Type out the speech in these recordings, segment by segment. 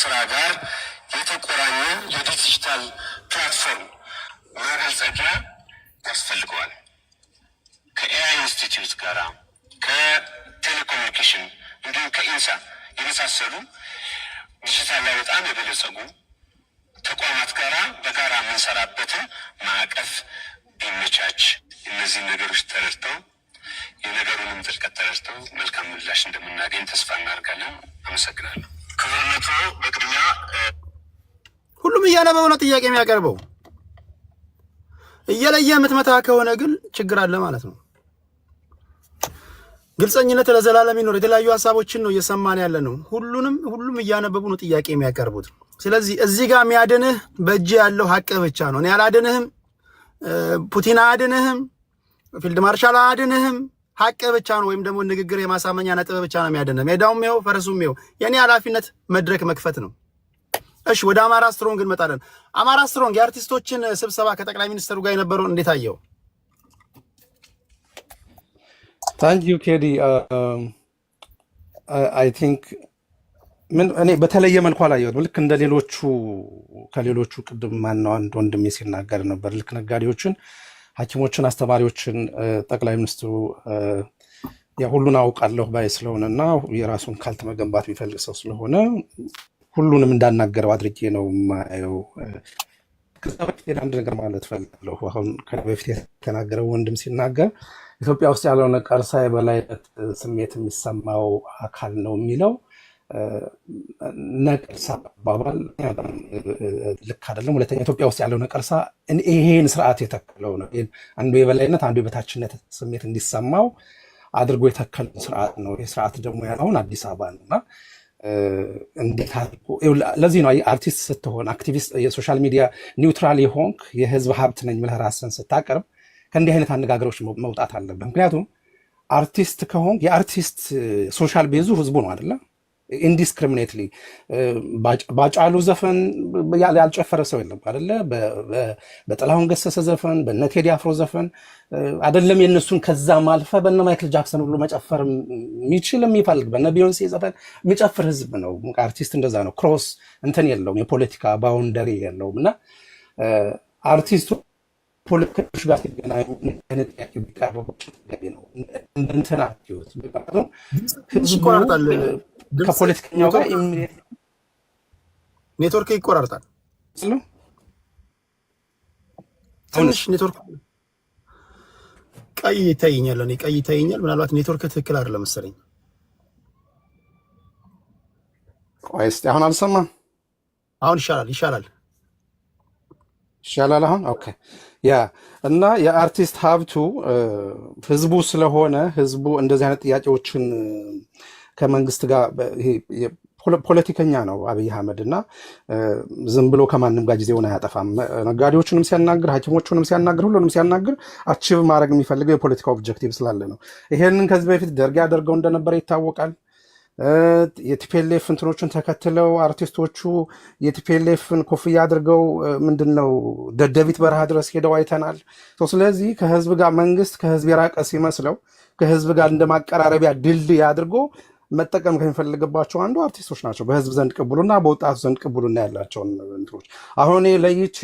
ስራ ጋር የተቆራኘ የዲጂታል ፕላትፎርም ማበልጸጊያ ያስፈልገዋል። ከኤአይ ኢንስቲትዩት ጋር ከቴሌኮሙኒኬሽን እንዲሁም ከኢንሳ የመሳሰሉ ዲጂታል ላይ በጣም የበለጸጉ ተቋማት ጋራ በጋራ የምንሰራበትን ማዕቀፍ ቢመቻች እነዚህን ነገሮች ተረድተው የነገሩንም ጥልቀት ተረድተው መልካም ምላሽ እንደምናገኝ ተስፋ እናደርጋለን። አመሰግናለሁ። ሁሉም እያነበው ነው ጥያቄ የሚያቀርበው። እየለየ የምትመታ ከሆነ ግን ችግር አለ ማለት ነው። ግልጸኝነት ለዘላለም ይኖር። የተለያዩ ሀሳቦችን ነው እየሰማን ያለ ነው። ሁሉንም ሁሉም እያነበቡ ነው ጥያቄ የሚያቀርቡት። ስለዚህ እዚህ ጋር የሚያድንህ በእጅ ያለው ሀቅ ብቻ ነው። እኔ አላድንህም፣ ፑቲን አያድንህም፣ ፊልድ ማርሻል አያድንህም፣ ሀቅ ብቻ ነው ወይም ደግሞ ንግግር የማሳመኛ ነጥብ ብቻ ነው የሚያደነም። ሜዳውም ይኸው ፈረሱም ይኸው። የኔ ኃላፊነት መድረክ መክፈት ነው። እሺ ወደ አማራ ስትሮንግ እንመጣለን። አማራ ስትሮንግ የአርቲስቶችን ስብሰባ ከጠቅላይ ሚኒስትሩ ጋር የነበረውን እንዴት አየው? ታንክ ዩ ኬዲ። አይ ቲንክ ምን እኔ በተለየ መልኩ አላየሁትም። ልክ እንደ ሌሎቹ ከሌሎቹ ቅድም ማነው አንድ ወንድሜ ሲናገር ነበር ልክ ነጋዴዎችን ሐኪሞችን አስተማሪዎችን ጠቅላይ ሚኒስትሩ ሁሉን አውቃለሁ ባይ ስለሆነ እና የራሱን ካልት መገንባት የሚፈልግ ሰው ስለሆነ ሁሉንም እንዳናገረው አድርጌ ነው የማየው። ከዛ በፊት አንድ ነገር ማለት ፈልጋለሁ። አሁን በፊት የተናገረው ወንድም ሲናገር ኢትዮጵያ ውስጥ ያለውን ቀርሳ የበላይነት ስሜት የሚሰማው አካል ነው የሚለው ነቀርሳ አባባል ልክ አይደለም። ሁለተኛ ኢትዮጵያ ውስጥ ያለው ነቀርሳ ይሄን ስርዓት የተከለው ነው። አንዱ የበላይነት አንዱ የበታችነት ስሜት እንዲሰማው አድርጎ የተከለው ስርዓት ነው። ይህ ስርዓት ደግሞ ያለውን አዲስ አበባ ነው እና እንዴት አድርጎ ለዚህ ነው አርቲስት ስትሆን አክቲቪስት፣ የሶሻል ሚዲያ ኒውትራል የሆንክ የህዝብ ሀብት ነኝ ብለህ ራስን ስታቀርብ ከእንዲህ አይነት አነጋገሮች መውጣት አለብን። ምክንያቱም አርቲስት ከሆንክ የአርቲስት ሶሻል ቤዙ ህዝቡ ነው አይደለም ኢንዲስክሪሚኔትሊ ባጫሉ ዘፈን ያልጨፈረ ሰው የለም አደለ? በጥላሁን ገሰሰ ዘፈን፣ በነ ቴዲ አፍሮ ዘፈን አደለም የእነሱን ከዛ ማልፈ በነ ማይክል ጃክሰን ሁሉ መጨፈር የሚችል የሚፈልግ በነ ቢዮንሴ ዘፈን የሚጨፍር ህዝብ ነው። አርቲስት እንደዛ ነው። ክሮስ እንትን የለውም፣ የፖለቲካ ባውንደሪ የለውም። እና አርቲስቱ ፖለቲካዎች ጋር ሲገናኙ አይነት ጥያቄ ቢቀርበ ነው እንደንትን ህዝቡ ከፖለቲከኛው ጋር ኔትወርክ ይቆራርጣል። ትንሽ ኔትወርክ ቀይ ይታየኛል፣ እኔ ቀይ ይታየኛል። ምናልባት ኔትወርክ ትክክል አይደለም መሰለኝ። ቆይ እስኪ አሁን አልሰማም። አሁን ይሻላል፣ ይሻላል፣ ይሻላል። አሁን ኦኬ። ያ እና የአርቲስት ሀብቱ ህዝቡ ስለሆነ ህዝቡ እንደዚህ አይነት ጥያቄዎችን ከመንግስት ጋር ፖለቲከኛ ነው አብይ አህመድ እና ዝም ብሎ ከማንም ጋር ጊዜውን አያጠፋም። ነጋዴዎቹንም ሲያናግር፣ ሐኪሞቹንም ሲያናግር፣ ሁሉንም ሲያናግር አችብ ማድረግ የሚፈልገው የፖለቲካ ኦብጀክቲቭ ስላለ ነው። ይሄንን ከዚህ በፊት ደርግ ያደርገው እንደነበረ ይታወቃል። የቲፒኤልኤፍ እንትኖቹን ተከትለው አርቲስቶቹ የቲፒኤልኤፍን ኮፍያ አድርገው ምንድን ነው ደደቢት በረሃ ድረስ ሄደው አይተናል። ስለዚህ ከህዝብ ጋር መንግስት ከህዝብ የራቀ ሲመስለው ከህዝብ ጋር እንደማቀራረቢያ ድልድይ አድርጎ መጠቀም ከሚፈልግባቸው አንዱ አርቲስቶች ናቸው። በህዝብ ዘንድ ቅቡልና በወጣቱ ዘንድ ቅቡልና ያላቸውን እንትኖች አሁን ለይቼ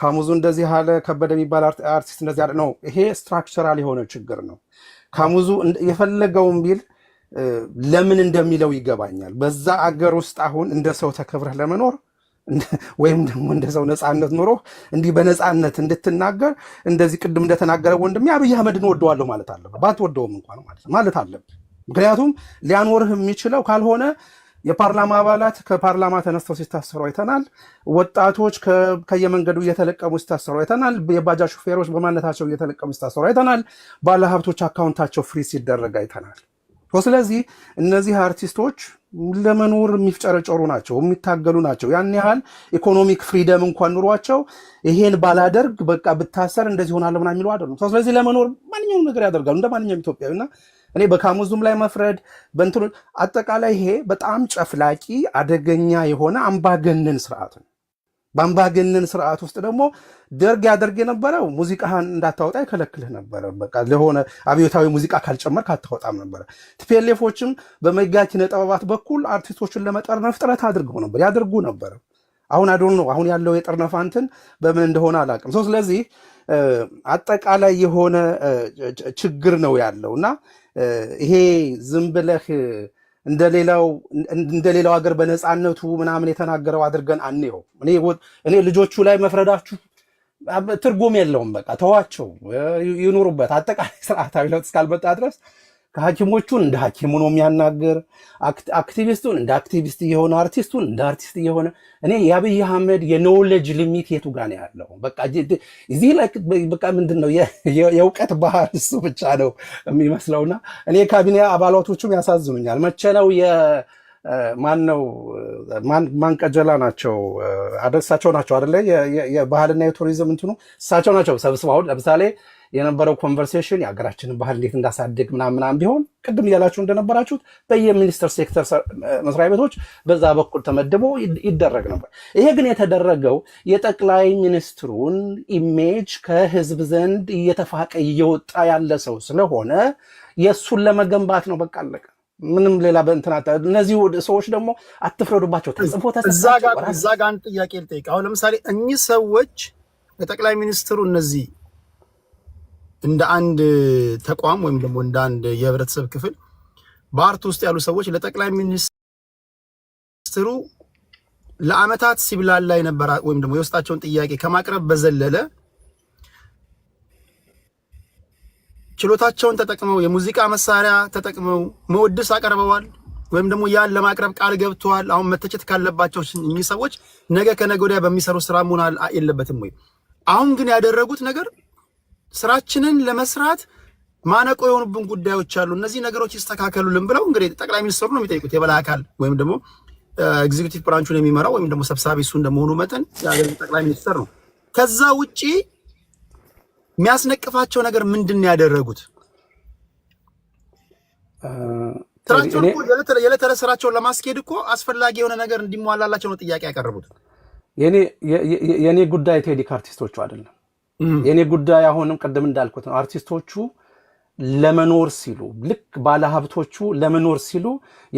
ካሙዙ እንደዚህ ያለ ከበደ የሚባል አርቲስት እንደዚህ አለ ነው። ይሄ ስትራክቸራል የሆነ ችግር ነው። ካሙዙ የፈለገውን ቢል ለምን እንደሚለው ይገባኛል። በዛ አገር ውስጥ አሁን እንደ ሰው ተከብረህ ለመኖር ወይም ደግሞ እንደ ሰው ነፃነት ኑሮ እንዲህ በነፃነት እንድትናገር እንደዚህ ቅድም እንደተናገረ ወንድሜ አብይ አህመድን ወደዋለሁ ማለት አለብህ። ባትወደውም እንኳን ማለት አለብህ ምክንያቱም ሊያኖርህ የሚችለው ካልሆነ የፓርላማ አባላት ከፓርላማ ተነስተው ሲታሰሩ አይተናል። ወጣቶች ከየመንገዱ እየተለቀሙ ሲታሰሩ አይተናል። የባጃጅ ሹፌሮች በማነታቸው እየተለቀሙ ሲታሰሩ አይተናል። ባለሀብቶች አካውንታቸው ፍሪ ሲደረግ አይተናል። ስለዚህ እነዚህ አርቲስቶች ለመኖር የሚፍጨረጨሩ ናቸው፣ የሚታገሉ ናቸው። ያን ያህል ኢኮኖሚክ ፍሪደም እንኳን ኑሯቸው ይሄን ባላደርግ በቃ ብታሰር እንደዚህ ሆናለ ምናምን የሚሉ አይደሉም። ስለዚህ ለመኖር ማንኛውም ነገር ያደርጋሉ እንደ ማንኛውም ኢትዮጵያዊ እና እኔ በካሙዙም ላይ መፍረድ በንትኑ አጠቃላይ ይሄ በጣም ጨፍላቂ አደገኛ የሆነ አምባገነን ስርዓት ነው። በአምባገነን ስርዓት ውስጥ ደግሞ ደርግ ያደርግ የነበረው ሙዚቃህን እንዳታወጣ ይከለክልህ ነበረ። በቃ ለሆነ አብዮታዊ ሙዚቃ ካልጨመርክ አታወጣም ነበረ። ቲፒኤልኤፎችም በመጋ ኪነ ጥበባት በኩል አርቲስቶችን ለመጠርነፍ ጥረት አድርገው ነበር ያደርጉ ነበረ። አሁን አዶን ነው አሁን ያለው የጠርነፋ እንትን በምን እንደሆነ አላውቅም። ሰው ስለዚህ አጠቃላይ የሆነ ችግር ነው ያለው እና ይሄ ዝም ብለህ እንደሌላው ሀገር በነፃነቱ ምናምን የተናገረው አድርገን አንየው። እኔ ልጆቹ ላይ መፍረዳችሁ ትርጉም የለውም። በቃ ተዋቸው ይኑሩበት። አጠቃላይ ስርዓታዊ ለውጥ እስካልመጣ ድረስ ከሐኪሞቹን እንደ ሐኪሙ ነው የሚያናገር፣ አክቲቪስቱን እንደ አክቲቪስት እየሆነ አርቲስቱን እንደ አርቲስት እየሆነ እኔ የአብይ አህመድ የኖውሌጅ ሊሚት የቱ ጋ ነው ያለው? በቃ እዚህ ላይ በቃ ምንድን ነው የእውቀት ባህር እሱ ብቻ ነው የሚመስለውና እኔ ካቢኔ አባላቶቹም ያሳዝኑኛል። መቼ ነው ማን ነው ማንቀጀላ ናቸው እሳቸው ናቸው አደለ? የባህልና የቱሪዝም እንትኑ እሳቸው ናቸው ሰብስበው ለምሳሌ የነበረው ኮንቨርሴሽን የሀገራችንን ባህል እንዴት እንዳሳድግ ምናምናም ቢሆን ቅድም እያላችሁ እንደነበራችሁት በየሚኒስትር ሴክተር መስሪያ ቤቶች በዛ በኩል ተመድቦ ይደረግ ነበር። ይሄ ግን የተደረገው የጠቅላይ ሚኒስትሩን ኢሜጅ ከህዝብ ዘንድ እየተፋቀ እየወጣ ያለ ሰው ስለሆነ የእሱን ለመገንባት ነው። በቃ አለቀ። ምንም ሌላ በእንትና እነዚህ ሰዎች ደግሞ አትፍረዱባቸው። ተጽፎ ተሰእዛ ጋር አንድ ጥያቄ ልጠይቅ። አሁን ለምሳሌ እኚህ ሰዎች የጠቅላይ ሚኒስትሩ እነዚህ እንደ አንድ ተቋም ወይም ደግሞ እንደ አንድ የህብረተሰብ ክፍል በአርት ውስጥ ያሉ ሰዎች ለጠቅላይ ሚኒስትሩ ለአመታት ሲብላላ የነበረ ወይም ደግሞ የውስጣቸውን ጥያቄ ከማቅረብ በዘለለ ችሎታቸውን ተጠቅመው የሙዚቃ መሳሪያ ተጠቅመው መወድስ አቀርበዋል፣ ወይም ደግሞ ያን ለማቅረብ ቃል ገብተዋል። አሁን መተቸት ካለባቸው እኚህ ሰዎች ነገ ከነገ ወዲያ በሚሰሩ ስራ መሆን የለበትም ወይ? አሁን ግን ያደረጉት ነገር ስራችንን ለመስራት ማነቆ የሆኑብን ጉዳዮች አሉ፣ እነዚህ ነገሮች ይስተካከሉልን ብለው እንግዲህ ጠቅላይ ሚኒስትሩ ነው የሚጠይቁት። የበላይ አካል ወይም ደግሞ ኤግዚኪቲቭ ብራንቹን የሚመራው ወይም ደግሞ ሰብሳቢ እሱ እንደመሆኑ መጠን የሀገሪቱ ጠቅላይ ሚኒስትር ነው። ከዛ ውጪ የሚያስነቅፋቸው ነገር ምንድን ነው ያደረጉት? የዕለት ስራቸውን ለማስኬድ እኮ አስፈላጊ የሆነ ነገር እንዲሟላላቸው ነው ጥያቄ ያቀረቡት። የኔ ጉዳይ ቴዲክ አርቲስቶቹ አይደለም። የእኔ ጉዳይ አሁንም ቅድም እንዳልኩት ነው። አርቲስቶቹ ለመኖር ሲሉ ልክ ባለሀብቶቹ ለመኖር ሲሉ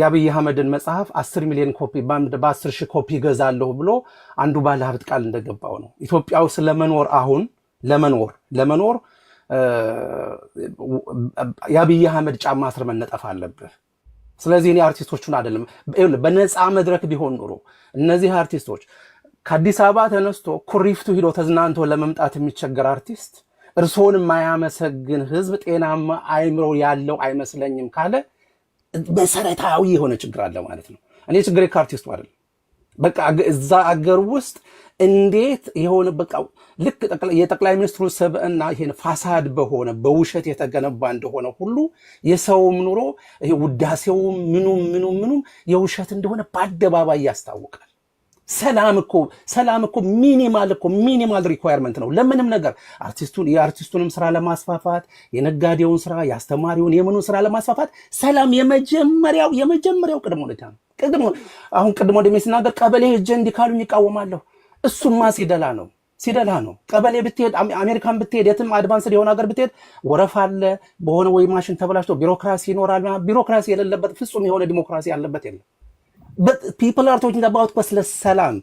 የአብይ አህመድን መጽሐፍ አስር ሚሊዮን ኮፒ በአስር ሺህ ኮፒ ይገዛለሁ ብሎ አንዱ ባለሀብት ቃል እንደገባው ነው። ኢትዮጵያ ውስጥ ለመኖር አሁን ለመኖር ለመኖር የአብይ አህመድ ጫማ ስር መነጠፍ አለብህ። ስለዚህ እኔ አርቲስቶቹን አይደለም በነፃ መድረክ ቢሆን ኑሮ እነዚህ አርቲስቶች ከአዲስ አበባ ተነስቶ ኩሪፍቱ ሂዶ ተዝናንቶ ለመምጣት የሚቸገር አርቲስት እርስዎን የማያመሰግን ህዝብ ጤናማ አይምሮ ያለው አይመስለኝም ካለ መሰረታዊ የሆነ ችግር አለ ማለት ነው። እኔ ችግር ከአርቲስቱ አይደለም። በቃ እዛ አገር ውስጥ እንዴት የሆነ በቃ ልክ የጠቅላይ ሚኒስትሩ ስብዕና ይሄን ፋሳድ በሆነ በውሸት የተገነባ እንደሆነ ሁሉ የሰውም ኑሮ ውዳሴውም ምኑም ምኑም ምኑም የውሸት እንደሆነ በአደባባይ ያስታውቃል። ሰላም እኮ ሰላም እኮ ሚኒማል እኮ ሚኒማል ሪኳየርመንት ነው ለምንም ነገር። አርቲስቱን የአርቲስቱንም ስራ ለማስፋፋት የነጋዴውን ስራ የአስተማሪውን የምኑን ስራ ለማስፋፋት ሰላም የመጀመሪያው የመጀመሪያው ቅድመ ሁኔታ ነው። ቅድመ አሁን ቅድመ ወደሜ ስናገር ቀበሌ ሄጄ እንዲህ ካሉኝ ይቃወማለሁ። እሱማ ሲደላ ነው ሲደላ ነው። ቀበሌ ብትሄድ አሜሪካን ብትሄድ የትም አድቫንስድ የሆነ ሀገር ብትሄድ ወረፋ አለ። በሆነ ወይ ማሽን ተበላሽቶ ቢሮክራሲ ይኖራል። ቢሮክራሲ የሌለበት ፍጹም የሆነ ዲሞክራሲ ያለበት የለም። ፒፕል አር ቶኪንግ አባውት እኮ ስለ ሰላም።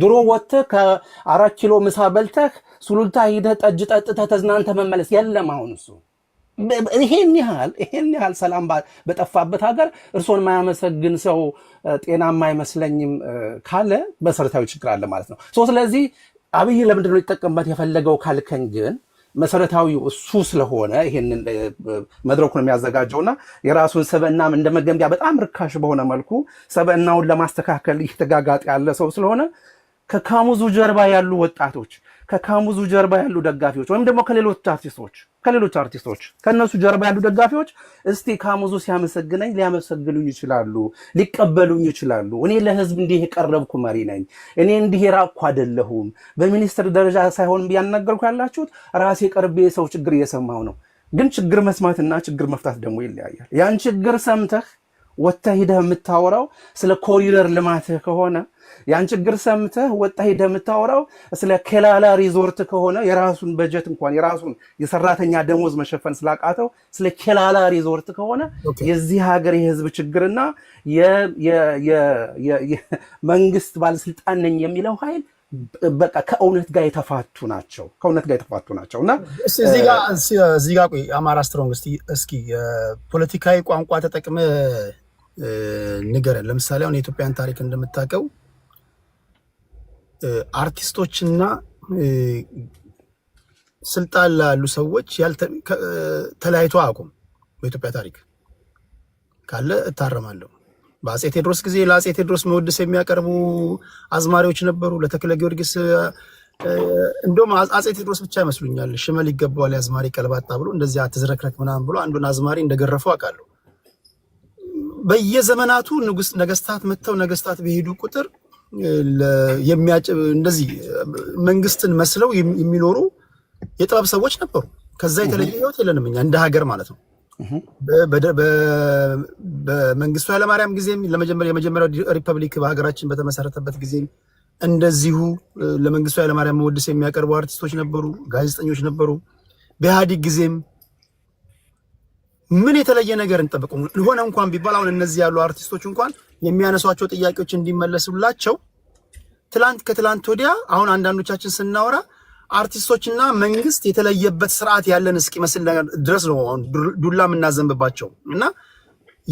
ድሮ ወጥተህ ከአራት ኪሎ ምሳ በልተህ ሱሉልታ ሂደህ ጠጅ ጠጥተህ ተዝናንተህ መመለስ የለም። አሁን እሱ ይሄን ያህል ይሄን ያህል ሰላም በጠፋበት ሀገር እርሶን የማያመሰግን ሰው ጤናማ አይመስለኝም ካለ መሰረታዊ ችግር አለ ማለት ነው። ስለዚህ አብይ ለምንድነው ሊጠቀምበት የፈለገው ካልከኝ ግን መሰረታዊው እሱ ስለሆነ ይሄንን መድረኩን የሚያዘጋጀውና የራሱን ሰብዕናም እንደ መገንቢያ በጣም ርካሽ በሆነ መልኩ ሰብዕናውን ለማስተካከል ተጋጋጥ ያለ ሰው ስለሆነ ከካሙዙ ጀርባ ያሉ ወጣቶች ከካሙዙ ጀርባ ያሉ ደጋፊዎች ወይም ደግሞ ከሌሎች አርቲስቶች ከሌሎች አርቲስቶች ከእነሱ ጀርባ ያሉ ደጋፊዎች እስቲ ካሙዙ ሲያመሰግነኝ ሊያመሰግኑኝ ይችላሉ፣ ሊቀበሉኝ ይችላሉ። እኔ ለህዝብ እንዲህ የቀረብኩ መሪ ነኝ። እኔ እንዲህ የራቅኩ አይደለሁም። በሚኒስትር ደረጃ ሳይሆን ያናገርኩ ያላችሁት ራሴ ቀርቤ የሰው ችግር እየሰማሁ ነው። ግን ችግር መስማትና ችግር መፍታት ደግሞ ይለያያል። ያን ችግር ሰምተህ ወጥተህ ሂደህ የምታወራው ስለ ኮሪደር ልማትህ ከሆነ ያን ችግር ሰምተህ ወጣ ሄደህ የምታወራው ስለ ኬላላ ሪዞርት ከሆነ የራሱን በጀት እንኳን የራሱን የሰራተኛ ደሞዝ መሸፈን ስላቃተው ስለ ኬላላ ሪዞርት ከሆነ የዚህ ሀገር የህዝብ ችግርና መንግስት ባለስልጣን ነኝ የሚለው ኃይል በቃ ከእውነት ጋር የተፋቱ ናቸው። ከእውነት ጋር የተፋቱ ናቸው እና እዚህ ጋር ቆይ አማራ ስትሮንግ እስኪ ፖለቲካዊ ቋንቋ ተጠቅመ ንገረን። ለምሳሌ አሁን የኢትዮጵያን ታሪክ እንደምታውቀው አርቲስቶችና ስልጣን ላሉ ሰዎች ተለያይቶ አቁም በኢትዮጵያ ታሪክ ካለ እታረማለሁ። በአጼ ቴዎድሮስ ጊዜ ለአጼ ቴዎድሮስ መወድስ የሚያቀርቡ አዝማሪዎች ነበሩ። ለተክለ ጊዮርጊስ እንደውም አጼ ቴዎድሮስ ብቻ ይመስሉኛል ሽመል ይገባዋል የአዝማሪ ቀልባጣ ብሎ እንደዚህ አትዝረክረክ ምናምን ብሎ አንዱን አዝማሪ እንደገረፈው አውቃለሁ። በየዘመናቱ ንጉስ ነገስታት መጥተው ነገስታት በሄዱ ቁጥር እንደዚህ መንግስትን መስለው የሚኖሩ የጥበብ ሰዎች ነበሩ። ከዛ የተለየ ህይወት የለንም እኛ እንደ ሀገር ማለት ነው። በመንግስቱ ኃይለማርያም ጊዜም የመጀመሪያው ሪፐብሊክ በሀገራችን በተመሰረተበት ጊዜም እንደዚሁ ለመንግስቱ ኃይለማርያም መወድስ የሚያቀርቡ አርቲስቶች ነበሩ፣ ጋዜጠኞች ነበሩ። በኢህአዲግ ጊዜም ምን የተለየ ነገር እንጠብቁ ሊሆነ እንኳን ቢባል አሁን እነዚህ ያሉ አርቲስቶች እንኳን የሚያነሷቸው ጥያቄዎች እንዲመለሱላቸው ትላንት ከትላንት ወዲያ አሁን አንዳንዶቻችን ስናወራ አርቲስቶችና መንግስት የተለየበት ስርዓት ያለን እስኪመስል ድረስ ነው ዱላ የምናዘንብባቸው እና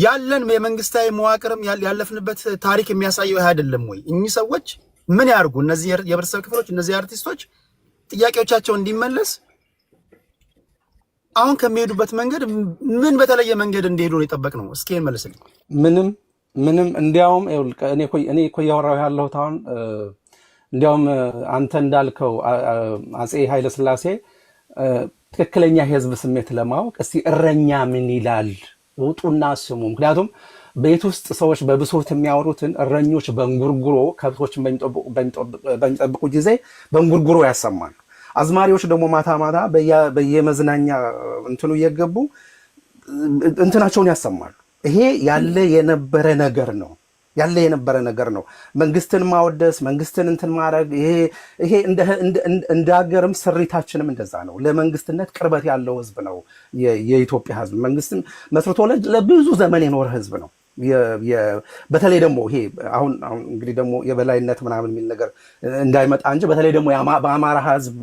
ያለን የመንግስታዊ መዋቅርም ያለፍንበት ታሪክ የሚያሳየው ይህ አይደለም ወይ? እኚህ ሰዎች ምን ያርጉ? እነዚህ የህብረተሰብ ክፍሎች እነዚህ አርቲስቶች ጥያቄዎቻቸው እንዲመለስ አሁን ከሚሄዱበት መንገድ ምን በተለየ መንገድ እንዲሄዱ ነው የጠበቅ ነው? እስኪ መልስልኝ። ምንም ምንም እንዲያውም እኔ እኮ እያወራሁ ያለሁት አሁን እንዲያውም አንተ እንዳልከው አፄ ኃይለስላሴ ትክክለኛ የህዝብ ስሜት ለማወቅ እስቲ እረኛ ምን ይላል ውጡና ስሙ። ምክንያቱም ቤት ውስጥ ሰዎች በብሶት የሚያወሩትን እረኞች በንጉርጉሮ ከብቶችን በሚጠብቁ ጊዜ በንጉርጉሮ ያሰማሉ። አዝማሪዎች ደግሞ ማታ ማታ በየመዝናኛ እንትኑ እየገቡ እንትናቸውን ያሰማሉ። ይሄ ያለ የነበረ ነገር ነው። ያለ የነበረ ነገር ነው። መንግስትን ማወደስ፣ መንግስትን እንትን ማድረግ ይሄ እንደ ሀገርም ስሪታችንም እንደዛ ነው። ለመንግስትነት ቅርበት ያለው ህዝብ ነው የኢትዮጵያ ህዝብ። መንግስትን መስርቶ ለብዙ ዘመን የኖረ ህዝብ ነው። በተለይ ደግሞ ይሄ አሁን እንግዲህ ደግሞ የበላይነት ምናምን የሚል ነገር እንዳይመጣ እንጂ በተለይ ደግሞ በአማራ ህዝብ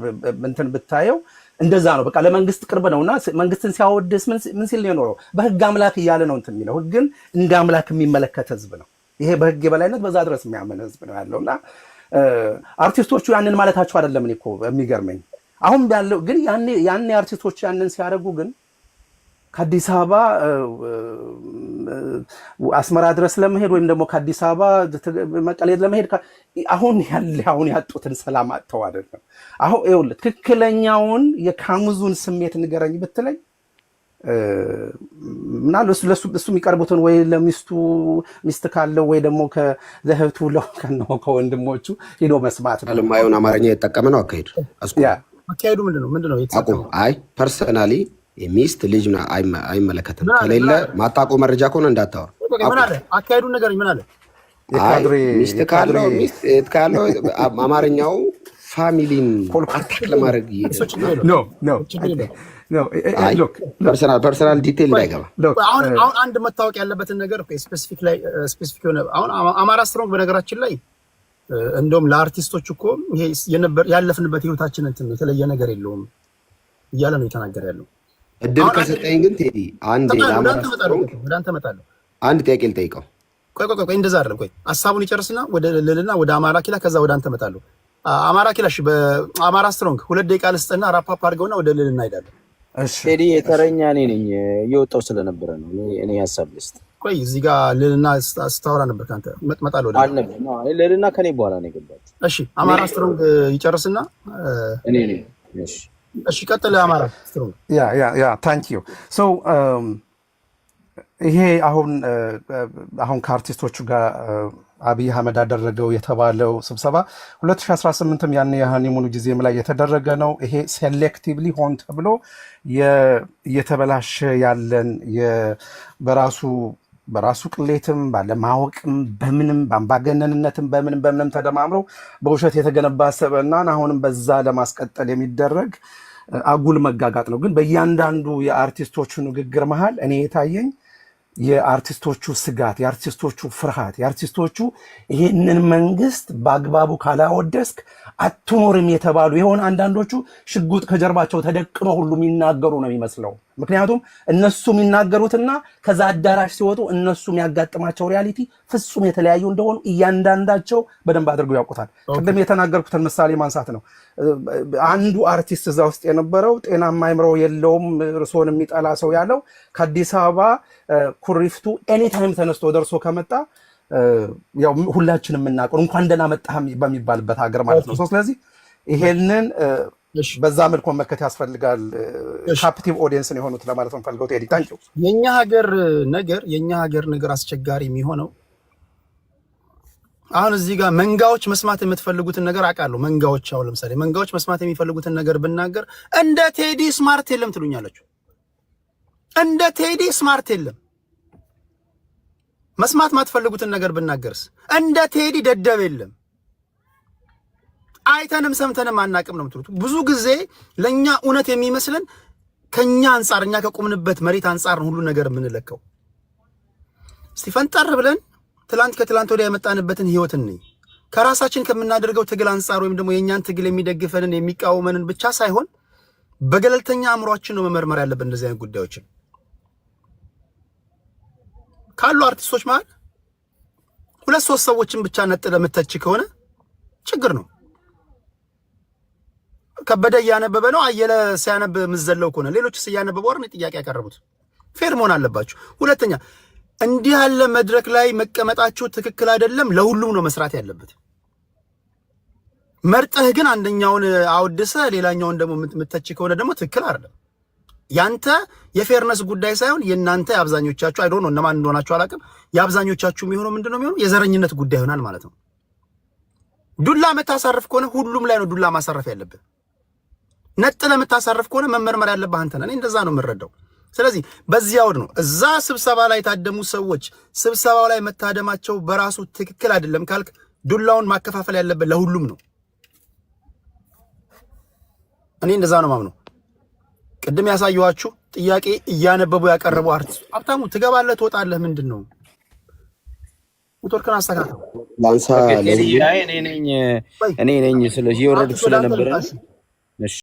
እንትን ብታየው እንደዛ ነው። በቃ ለመንግስት ቅርብ ነውና መንግስትን ሲያወድስ ምን ሲል ነው በህግ አምላክ እያለ ነው እንትን የሚለው ህግን እንደ አምላክ የሚመለከት ህዝብ ነው። ይሄ በህግ የበላይነት በዛ ድረስ የሚያምን ህዝብ ነው እና አርቲስቶቹ ያንን ማለታቸው አይደለም። እኮ የሚገርመኝ አሁን ያለው ግን ያኔ አርቲስቶች ያንን ሲያደርጉ ግን ከአዲስ አበባ አስመራ ድረስ ለመሄድ ወይም ደግሞ ከአዲስ አበባ መቀሌ ለመሄድ አሁን ያለ አሁን ያጡትን ሰላም አጥተው አይደለም። አሁን ይኸውልህ ትክክለኛውን የካሙዙን ስሜት ንገረኝ ብትለኝ ምና ለሱ የሚቀርቡትን ወይ ለሚስቱ ሚስት ካለው ወይ ደግሞ ከዘህብቱ ለሆነ ከወንድሞቹ ሂዶ መስማት ነው። አለማየሁን አማርኛ የተጠቀመ ነው አካሄዱ። አካሄዱ ምንድነው? ምንድነው? አይ ፐርሰናሊ ሚስት ልጅ አይመለከትም። ከሌለ ማጣቆ መረጃ ከሆነ እንዳታወር። አካሄዱን ነገር ምን አለ? ሚስት ካለው ሚስት ካለው አማርኛው ፋሚሊን አታክ ለማድረግ ፐርሰናል ዲቴል እንዳይገባ። አሁን አንድ መታወቅ ያለበትን ነገር ስፔሲፊክ የሆነ አሁን አማራ ስትሮንግ በነገራችን ላይ እንደውም ለአርቲስቶች እኮ ያለፍንበት ህይወታችን እንትን የተለየ ነገር የለውም እያለ ነው የተናገር ያለው። እድል ከሰጠኝ ግን ቴዲ አንድ አንድ ጥያቄ ልጠይቀው። ቆይ ቆይ ቆይ እንደዛ አይደለም። ቆይ ሀሳቡን ይጨርስና ወደ ልልና ወደ አማራ ኪላ ከዛ ወደ አንተ እመጣለሁ። አማራ ኪላ እሺ፣ በአማራ ስትሮንግ ሁለት ደቂቃ ልስጥና ራፓፕ አድርገውና ወደ ልልና ሄዳለሁ። ቴዲ የተረኛ እኔ ነኝ እየወጣው ስለነበረ ነው እኔ ሀሳብ ልስጥ። ቆይ እዚህ ጋር ልልና ስታወራ ነበር ከአንተ መጥመጣለሁ ወደ አልነበረም። ልልና ከኔ በኋላ ነው የገባችው። እሺ አማራ ስትሮንግ ይጨርስና እኔ ነኝ። እሺ እሺ ቀጥል። አማራ ያ ያ ያ ታንክ ዩ ሶ ይሄ አሁን uh, አሁን ከአርቲስቶቹ ጋር uh, አብይ አህመድ አደረገው የተባለው ስብሰባ 2018ም ያን የሃኒሙኑ ጊዜም ላይ የተደረገ ነው። ይሄ ሴሌክቲቭሊ ሆን ተብሎ እየተበላሸ ያለን በራሱ በራሱ ቅሌትም ባለማወቅም በምንም በአምባገነንነትም በምንም በምንም ተደማምረው በውሸት የተገነባ ስብዕናን አሁንም በዛ ለማስቀጠል የሚደረግ አጉል መጋጋጥ ነው። ግን በእያንዳንዱ የአርቲስቶቹ ንግግር መሃል እኔ የታየኝ የአርቲስቶቹ ስጋት፣ የአርቲስቶቹ ፍርሃት፣ የአርቲስቶቹ ይህንን መንግስት በአግባቡ ካላወደስክ አትኖርም የተባሉ የሆነ አንዳንዶቹ ሽጉጥ ከጀርባቸው ተደቅኖ ሁሉ የሚናገሩ ነው የሚመስለው። ምክንያቱም እነሱ የሚናገሩትና ከዛ አዳራሽ ሲወጡ እነሱ የሚያጋጥማቸው ሪያሊቲ ፍጹም የተለያዩ እንደሆኑ እያንዳንዳቸው በደንብ አድርገው ያውቁታል። ቅድም የተናገርኩትን ምሳሌ ማንሳት ነው። አንዱ አርቲስት እዛ ውስጥ የነበረው ጤናማ አይምሮ የለውም እርሶን የሚጠላ ሰው ያለው ከአዲስ አበባ ኩሪፍቱ ኤኒታይም ተነስቶ ደርሶ ከመጣ ያው ሁላችን የምናውቀው እንኳን ደህና መጣህ በሚባልበት ሀገር ማለት ነው። ስለዚህ ይሄንን በዛ መልኩ መመከት ያስፈልጋል። ካፕቲቭ ኦዲየንስን የሆኑት ለማለት ነው ፈልገው ቴዲ ታንኪ። የእኛ ሀገር ነገር የእኛ ሀገር ነገር አስቸጋሪ የሚሆነው አሁን እዚህ ጋር መንጋዎች መስማት የምትፈልጉትን ነገር አውቃለሁ። መንጋዎች አሁን ለምሳሌ መንጋዎች መስማት የሚፈልጉትን ነገር ብናገር እንደ ቴዲ ስማርት የለም ትሉኛለች። እንደ ቴዲ ስማርት የለም። መስማት ማትፈልጉትን ነገር ብናገርስ እንደ ቴዲ ደደብ የለም። አይተንም ሰምተንም አናቅም ነው የምትሉት። ብዙ ጊዜ ለእኛ እውነት የሚመስለን ከእኛ አንጻር እኛ ከቆምንበት መሬት አንጻር ነው ሁሉ ነገር የምንለካው። እስቲ ፈንጠር ብለን ትላንት ከትላንት ወዲያ የመጣንበትን ህይወት እንይ። ከራሳችን ከምናደርገው ትግል አንጻር ወይም ደግሞ የእኛን ትግል የሚደግፈንን የሚቃወመንን ብቻ ሳይሆን በገለልተኛ አእምሯችን ነው መመርመር ያለብን እንደዚህ አይነት ጉዳዮችን ካሉ አርቲስቶች መሀል ሁለት ሶስት ሰዎችን ብቻ ነጥለ የምተች ከሆነ ችግር ነው። ከበደ እያነበበ ነው። አየለ ሲያነብ ምዘለው ከሆነ ሌሎች እያነበቡ ወርን ጥያቄ ያቀረቡት ፌር መሆን አለባችሁ። ሁለተኛ እንዲህ ያለ መድረክ ላይ መቀመጣችሁ ትክክል አይደለም። ለሁሉም ነው መስራት ያለበት። መርጠህ ግን አንደኛውን አውድሰ ሌላኛውን ደግሞ የምትተች ከሆነ ደግሞ ትክክል አይደለም። ያንተ የፌርነስ ጉዳይ ሳይሆን የእናንተ የአብዛኞቻችሁ አይዶ ነው እነማን እንደሆናችሁ አላውቅም። የአብዛኞቻችሁ የሚሆነው ምንድን ነው የሚሆነው የዘረኝነት ጉዳይ ይሆናል ማለት ነው። ዱላ መታሳረፍ ከሆነ ሁሉም ላይ ነው ዱላ ማሳረፍ ያለብን። ነጥ ለምታሳርፍ ከሆነ መመርመር ያለብህ አንተ ነህ። እኔ እንደዛ ነው የምረዳው። ስለዚህ በዚህ አውድ ነው እዛ ስብሰባ ላይ የታደሙ ሰዎች ስብሰባው ላይ መታደማቸው በራሱ ትክክል አይደለም ካልክ ዱላውን ማከፋፈል ያለብህ ለሁሉም ነው። እኔ እንደዛ ነው ማምነው። ቅድም ያሳየኋችሁ ጥያቄ እያነበቡ ያቀረቡ አርቲስት ሀብታሙ ትገባለህ፣ ትወጣለህ። ምንድን ነው ኔትወርክን አስተካክል። ላንሳ እኔ ነኝ ስለዚህ እየወረድኩ ስለነበረ